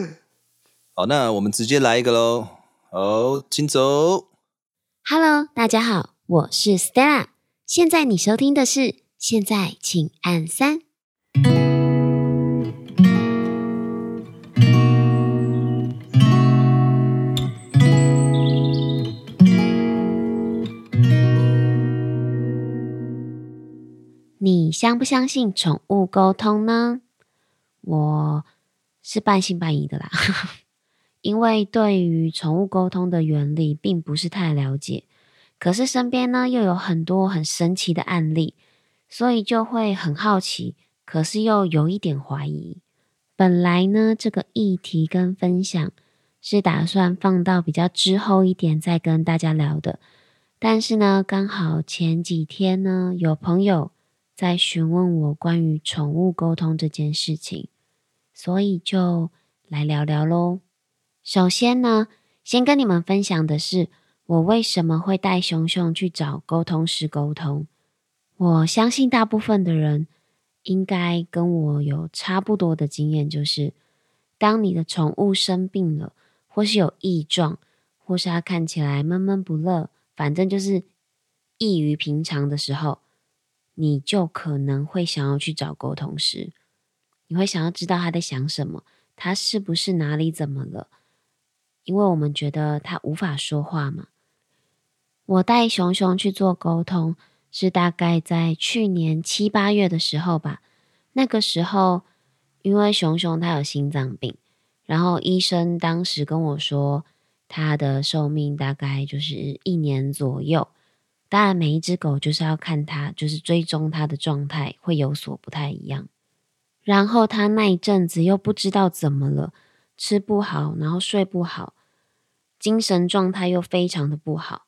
好，那我們直接來一個嘍。好，請走。Hello，大家好，我是 Stella。現在你收聽的是，現在請按三。 你相不相信寵物溝通呢？我，是半信半疑的啦， 因為對於寵物溝通的原理並不是太了解，可是身邊呢又有很多很神奇的案例，所以就會很好奇，可是又有一點懷疑。本來呢這個議題跟分享是打算放到比較之後一點再跟大家聊的，但是呢剛好前幾天呢有朋友在詢問我關於寵物溝通這件事情，所以就來聊聊嘍。首先呢，先跟你們分享的是，我為什麼會帶熊熊去找溝通師溝通。我相信大部分的人應該跟我有差不多的經驗，就是當你的寵物生病了，或是有異狀，或是它看起來悶悶不樂，反正就是異於平常的時候，你就可能會想要去找溝通師。你會想要知道他在想什麼，他是不是哪裡怎麼了？因為我們覺得他無法說話嘛。我帶熊熊去做溝通，是大概在去年七八月的時候吧。那個時候，因為熊熊它有心臟病，然後醫生當時跟我說，它的壽命大概就是一年左右。當然，每一隻狗就是要看它，就是追蹤它的狀態，會有所不太一樣。然後他那一陣子又不知道怎麼了，吃不好，然後睡不好，精神狀態又非常的不好，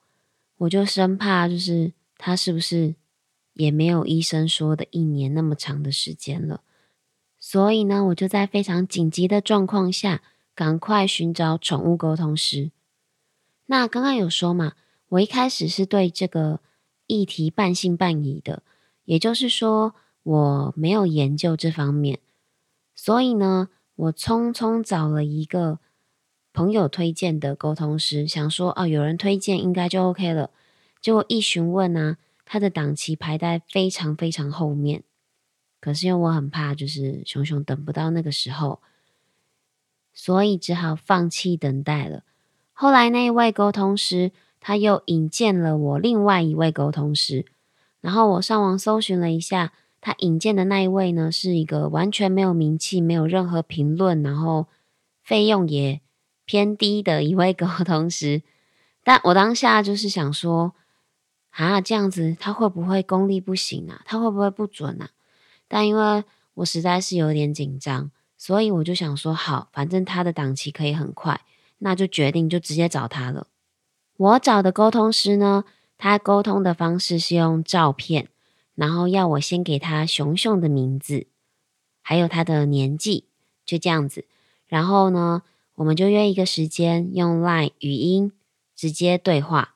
我就生怕就是他是不是也沒有醫生說的一年那麼長的時間了，所以呢，我就在非常緊急的狀況下，趕快尋找寵物溝通師。那剛剛有說嘛，我一開始是對這個議題半信半疑的，也就是說，我沒有研究這方面，所以呢，我匆匆找了一個朋友推薦的溝通師，想說哦，有人推薦應該就 OK 了。結果一詢問啊，他的檔期排在非常非常後面。可是因為我很怕，就是熊熊等不到那個時候，所以只好放棄等待了。後來那一位溝通師他又引薦了我另外一位溝通師，然後我上網搜尋了一下。他引薦的那一位呢，是一個完全沒有名氣、沒有任何評論，然後費用也偏低的一位溝通師。但我當下就是想說，啊，這樣子他會不會功力不行啊？他會不會不準啊？但因為我實在是有點緊張，所以我就想說，好，反正他的檔期可以很快，那就決定就直接找他了。我找的溝通師呢，他溝通的方式是用照片。然後要我先給他熊熊的名字，還有他的年紀，就這樣子。然後呢，我們就約一個時間，用 Line 語音直接對話。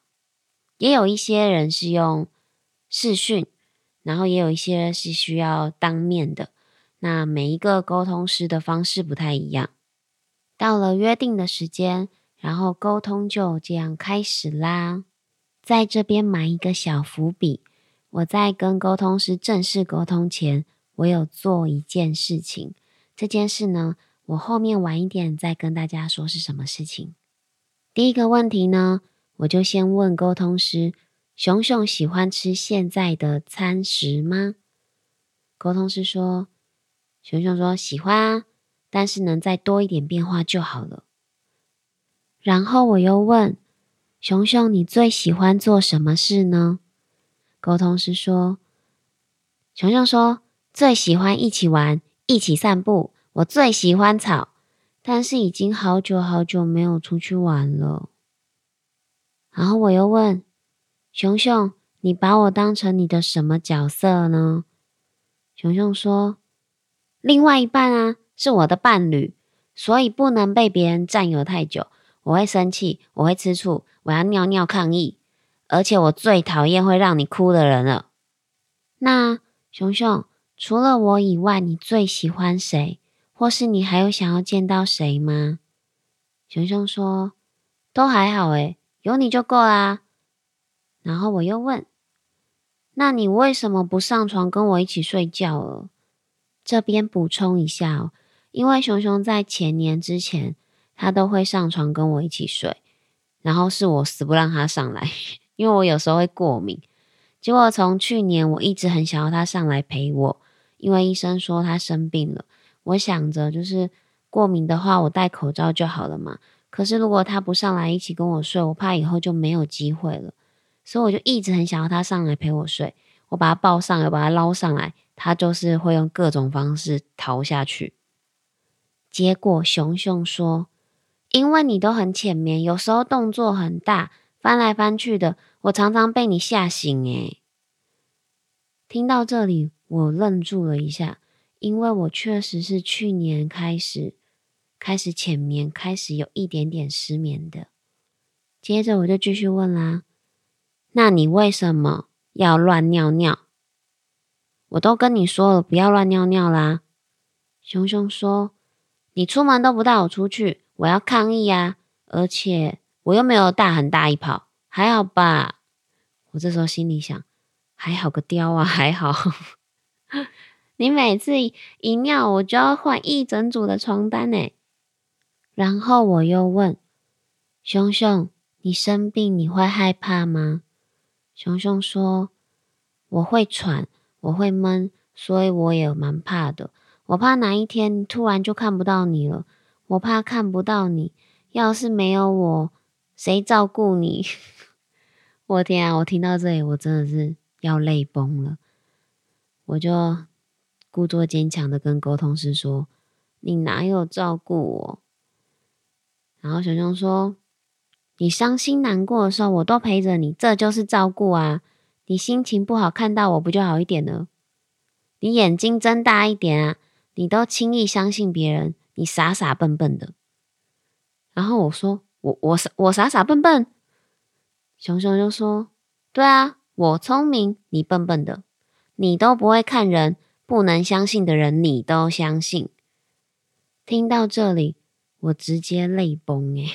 也有一些人是用視訊，然後也有一些人是需要當面的。那每一個溝通師的方式不太一樣。到了約定的時間，然後溝通就這樣開始啦。在這邊埋一個小伏筆。我在跟溝通師正式溝通前，我有做一件事情。這件事呢，我後面晚一點再跟大家說是什麼事情。第一個問題呢，我就先問溝通師：熊熊喜歡吃現在的餐食嗎？溝通師說：熊熊說喜歡啊，但是能再多一點變化就好了。然後我又問熊熊：你最喜歡做什麼事呢？溝通師說，熊熊說最喜歡一起玩，一起散步。我最喜歡草，但是已經好久好久沒有出去玩了。然後我又問熊熊，你把我當成你的什麼角色呢？熊熊說，另外一半啊，是我的伴侶，所以不能被別人占有太久，我會生氣，我會吃醋，我要尿尿抗議。而且我最討厭會讓你哭的人了。那熊熊除了我以外，你最喜歡誰？或是你還有想要見到誰嗎？熊熊說：都還好誒、欸，有你就夠啦。然後我又問：那你為什麼不上床跟我一起睡覺了？這邊補充一下哦，因為熊熊在前年之前，他都會上床跟我一起睡，然後是我死不讓他上來。因為我有時候會過敏，結果從去年我一直很想要他上來陪我，因為醫生說他生病了。我想着就是過敏的話，我戴口罩就好了嘛。可是如果他不上來一起跟我睡，我怕以後就沒有機會了，所以我就一直很想要他上來陪我睡。我把他抱上來，我把他撈上來，他就是會用各種方式逃下去。結果熊熊說：“因為你都很淺眠，有時候動作很大。”翻來翻去的，我常常被你嚇醒哎、欸。聽到這裡，我愣住了一下，因為我確實是去年開始開始淺眠，開始有一點點失眠的。接着我就繼續問啦：“那你為什麼要亂尿尿？我都跟你說了，不要亂尿尿啦。”熊熊說：“你出門都不帶我出去，我要抗議啊！而且……”我又沒有大很大一泡，還好吧？我這時候心裡想，還好個雕啊，還好。 你每次一尿，我就要換一整組的床單呢。然後我又問熊熊：“你生病你會害怕嗎？”熊熊說：“我會喘，我會悶，所以我也蠻怕的。我怕哪一天突然就看不到你了，我怕看不到你。要是沒有我。”誰照顧你？ 我天啊！我聽到這裡，我真的是要淚崩了。我就故作堅強的跟溝通師說：“你哪有照顧我？”然後熊熊說：“你傷心難過的時候，我都陪着你，這就是照顧啊！你心情不好，看到我不就好一點了。你眼睛睜大一點啊！你都輕易相信別人，你傻傻笨笨的。”然後我說。我我傻我傻傻笨笨，熊熊就說：“對啊，我聰明，你笨笨的，你都不會看人，不能相信的人你都相信。”聽到這裡，我直接淚崩欸。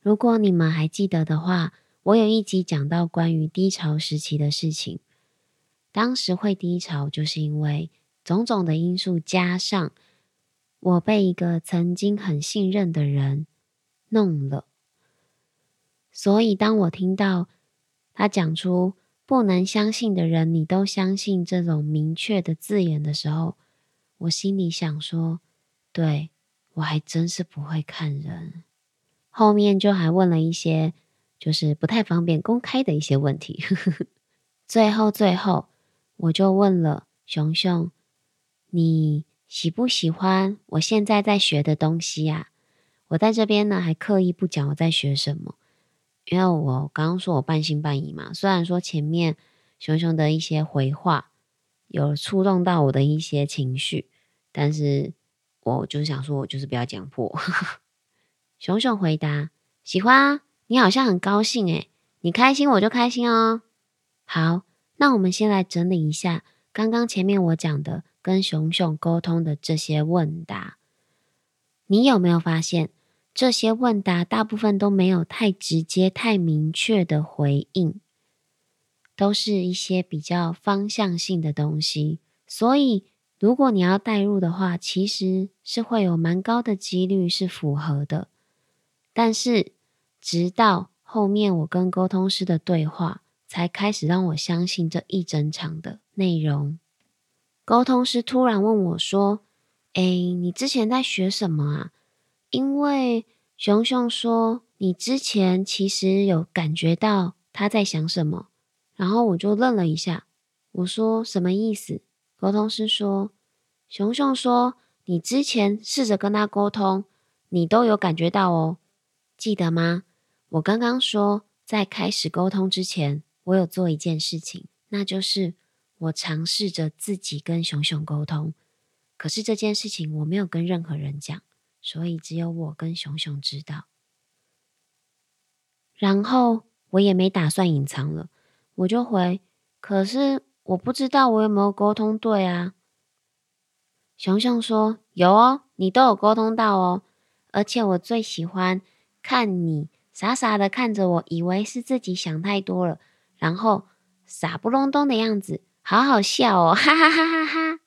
如果你們還記得的話，我有一集講到關於低潮時期的事情，當時會低潮，就是因為種種的因素加上我被一個曾經很信任的人。弄了，所以當我聽到他講出“不能相信的人，你都相信”這種明確的字眼的時候，我心裡想說：“對我還真是不會看人。”後面就還問了一些就是不太方便公開的一些問題。呵呵呵。最後，最後我就問了熊熊：“你喜不喜歡我現在在學的東西呀？”我在這邊呢，還刻意不講我在學什麼，因為我剛剛說我半信半疑嘛。雖然說前面熊熊的一些回話有觸動到我的一些情緒，但是我就想說，我就是不要講破。 熊熊回答：喜歡啊，你好像很高興誒、欸，你開心我就開心哦、喔。好，那我們先來整理一下剛剛前面我講的跟熊熊溝通的這些問答，你有沒有發現？這些問答大部分都沒有太直接、太明確的回應，都是一些比較方向性的東西。所以，如果你要代入的話，其實是會有蠻高的幾率是符合的。但是，直到後面我跟溝通師的對話，才開始讓我相信這一整場的內容。溝通師突然問我說：“哎，你之前在學什麼啊？”因為熊熊說：“你之前其實有感覺到他在想什麼。”然後我就愣了一下，我說：“什麼意思？”溝通師說：“熊熊說，你之前試着跟他溝通，你都有感覺到哦，記得嗎？”我剛剛說，在開始溝通之前，我有做一件事情，那就是我嘗試着自己跟熊熊溝通。可是這件事情我沒有跟任何人講。所以只有我跟熊熊知道。然後我也沒打算隱藏了，我就回。可是我不知道我有沒有溝通對啊？熊熊說：“有哦，你都有溝通到哦。而且我最喜歡看你傻傻的看着我，以為是自己想太多了，然後傻不隆咚的樣子，好好笑哦，哈哈哈哈哈！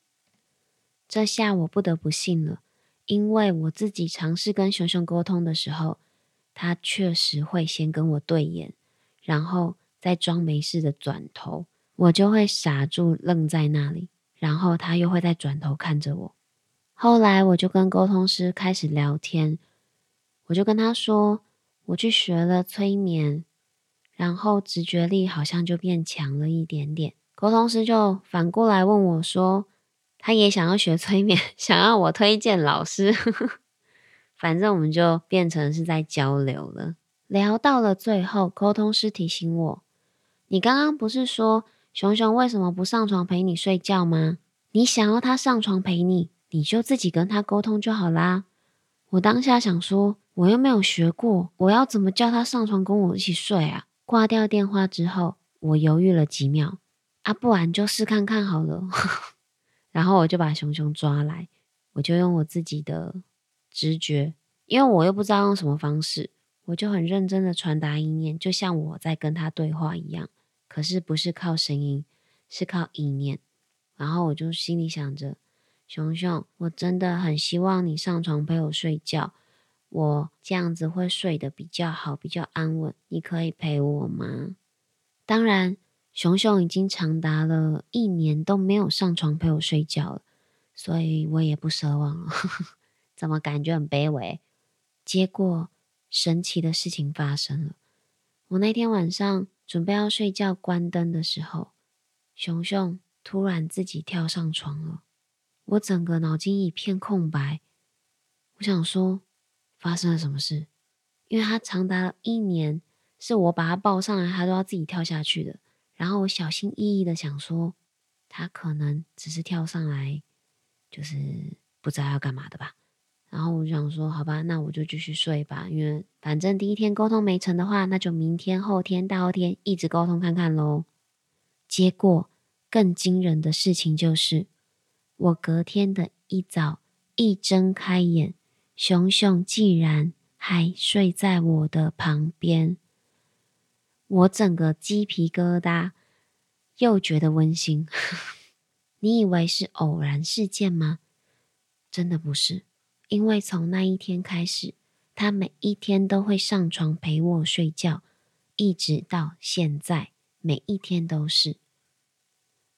這下我不得不信了。”因為我自己嘗試跟熊熊溝通的時候，他確實會先跟我對眼，然後再裝沒事的轉頭，我就會傻住愣在那裡，然後他又會再轉頭看着我。後來我就跟溝通師開始聊天，我就跟他說，我去學了催眠，然後直覺力好像就變強了一點點。溝通師就反過來問我說，他也想要學催眠，想要我推薦老師， 反正我們就變成是在交流了。聊到了最後，溝通師提醒我：“你剛剛不是說熊熊為什麼不上床陪你睡覺嗎？你想要他上床陪你，你就自己跟他溝通就好啦。”我當下想說，我又沒有學過，我要怎麼叫他上床跟我一起睡啊？掛掉電話之後，我猶豫了幾秒，啊，不然就試看看好了。 然後我就把熊熊抓來，我就用我自己的直覺，因為我又不知道用什麼方式，我就很認真的傳達意念，就像我在跟他對話一樣，可是不是靠聲音，是靠意念。然後我就心裡想着，熊熊，我真的很希望你上床陪我睡覺，我這樣子會睡得比較好，比較安穩，你可以陪我嗎？當然。熊熊已經長達了一年都沒有上床陪我睡覺了，所以我也不奢望了。呵呵，怎麼感覺很卑微？結果神奇的事情發生了，我那天晚上準備要睡覺關燈的時候，熊熊突然自己跳上床了。我整個腦筋一片空白，我想說，發生了什麼事？因為它長達了一年，是我把它抱上來，它都要自己跳下去的。然後我小心翼翼的想說，他可能只是跳上來，就是不知道要幹嘛的吧。然後我就想說，好吧，那我就繼續睡吧，因為反正第一天溝通沒成的話，那就明天、後天、大後天一直溝通看看咯。結果更驚人的事情就是，我隔天的一早一睜開眼，熊熊竟然還睡在我的旁邊。我整個雞皮疙瘩，又覺得溫馨。 你以為是偶然事件嗎？真的不是，因為從那一天開始，他每一天都會上床陪我睡覺，一直到現在，每一天都是。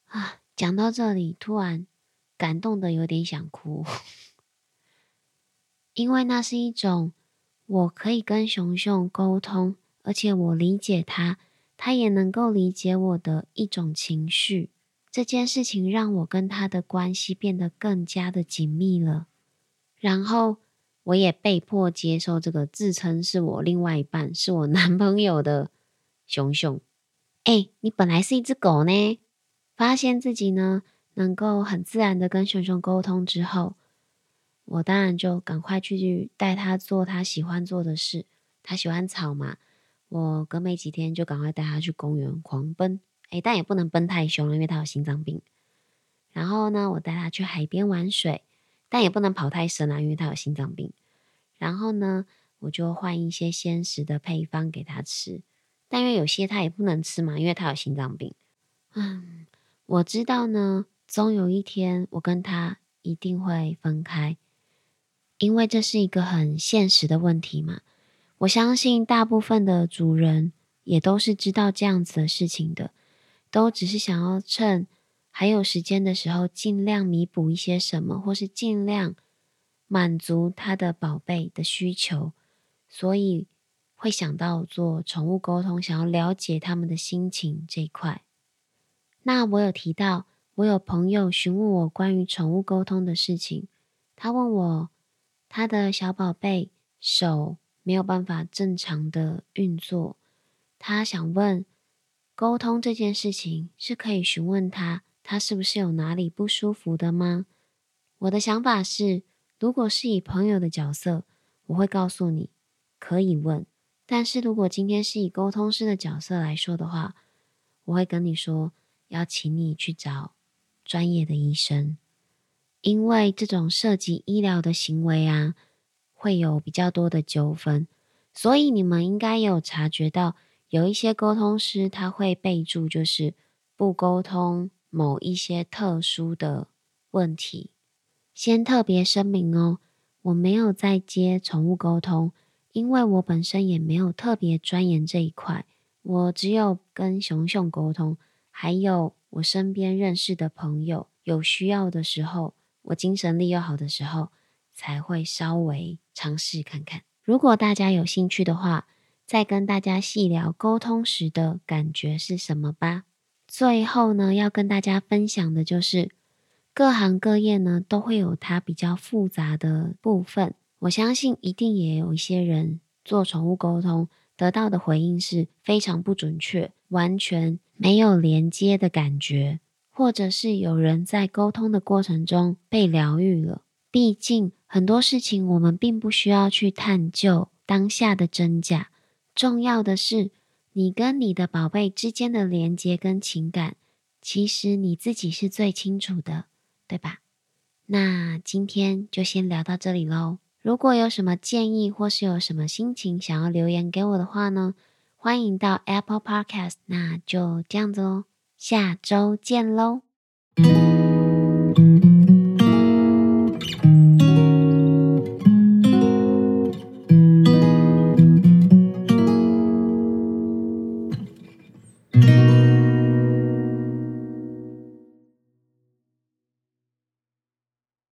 啊，講到這裡，突然感動的有點想哭， 因為那是一種我可以跟熊熊溝通。而且我理解他，他也能夠理解我的一種情緒。這件事情讓我跟他的關係變得更加的緊密了。然後我也被迫接受這個自稱是我另外一半，是我男朋友的熊熊。哎，你本來是一隻狗呢。發現自己呢能夠很自然的跟熊熊溝通之後，我當然就趕快去帶他做他喜歡做的事。他喜歡草嘛。我隔沒幾天就趕快帶他去公園狂奔，誒，但也不能奔太兇了，因為他有心臟病。然後呢，我帶他去海邊玩水，但也不能跑太深了，因為他有心臟病。然後呢，我就換一些鮮食的配方給他吃，但因為有些他也不能吃嘛，因為他有心臟病。嗯，我知道呢，終有一天我跟他一定會分開，因為這是一個很現實的問題嘛。我相信大部分的主人也都是知道這樣子的事情的，都只是想要趁還有時間的時候，盡量彌補一些什麼，或是盡量滿足他的寶貝的需求，所以會想到做寵物溝通，想要了解他們的心情這一塊。那我有提到，我有朋友詢問我關於寵物溝通的事情，他問我他的小寶貝手，沒有辦法正常的運作，他想問溝通這件事情是可以詢問他，他是不是有哪裡不舒服的嗎？我的想法是，如果是以朋友的角色，我會告訴你可以問；但是如果今天是以溝通師的角色來說的話，我會跟你說要請你去找專業的醫生，因為這種涉及醫療的行為啊。會有比較多的糾紛，所以你們應該有察覺到，有一些溝通師他會備註，就是不溝通某一些特殊的問題。先特別聲明哦，我沒有在接寵物溝通，因為我本身也沒有特別鑽研這一塊，我只有跟熊熊溝通，還有我身邊認識的朋友，有需要的時候，我精神力又好的時候。才會稍微嘗試看看。如果大家有興趣的話，再跟大家細聊溝通時的感覺是什麼吧。最後呢，要跟大家分享的就是，各行各業呢，都會有它比較複雜的部分。我相信一定也有一些人做寵物溝通得到的回應是非常不準確，完全沒有連接的感覺，或者是有人在溝通的過程中被療癒了。畢竟很多事情我們並不需要去探究當下的真假，重要的是你跟你的寶貝之間的連接跟情感，其實你自己是最清楚的，對吧？那今天就先聊到這裡嘍。如果有什麼建議或是有什麼心情想要留言給我的話呢，歡迎到 Apple Podcast，那就這樣子嘍。下周見嘍。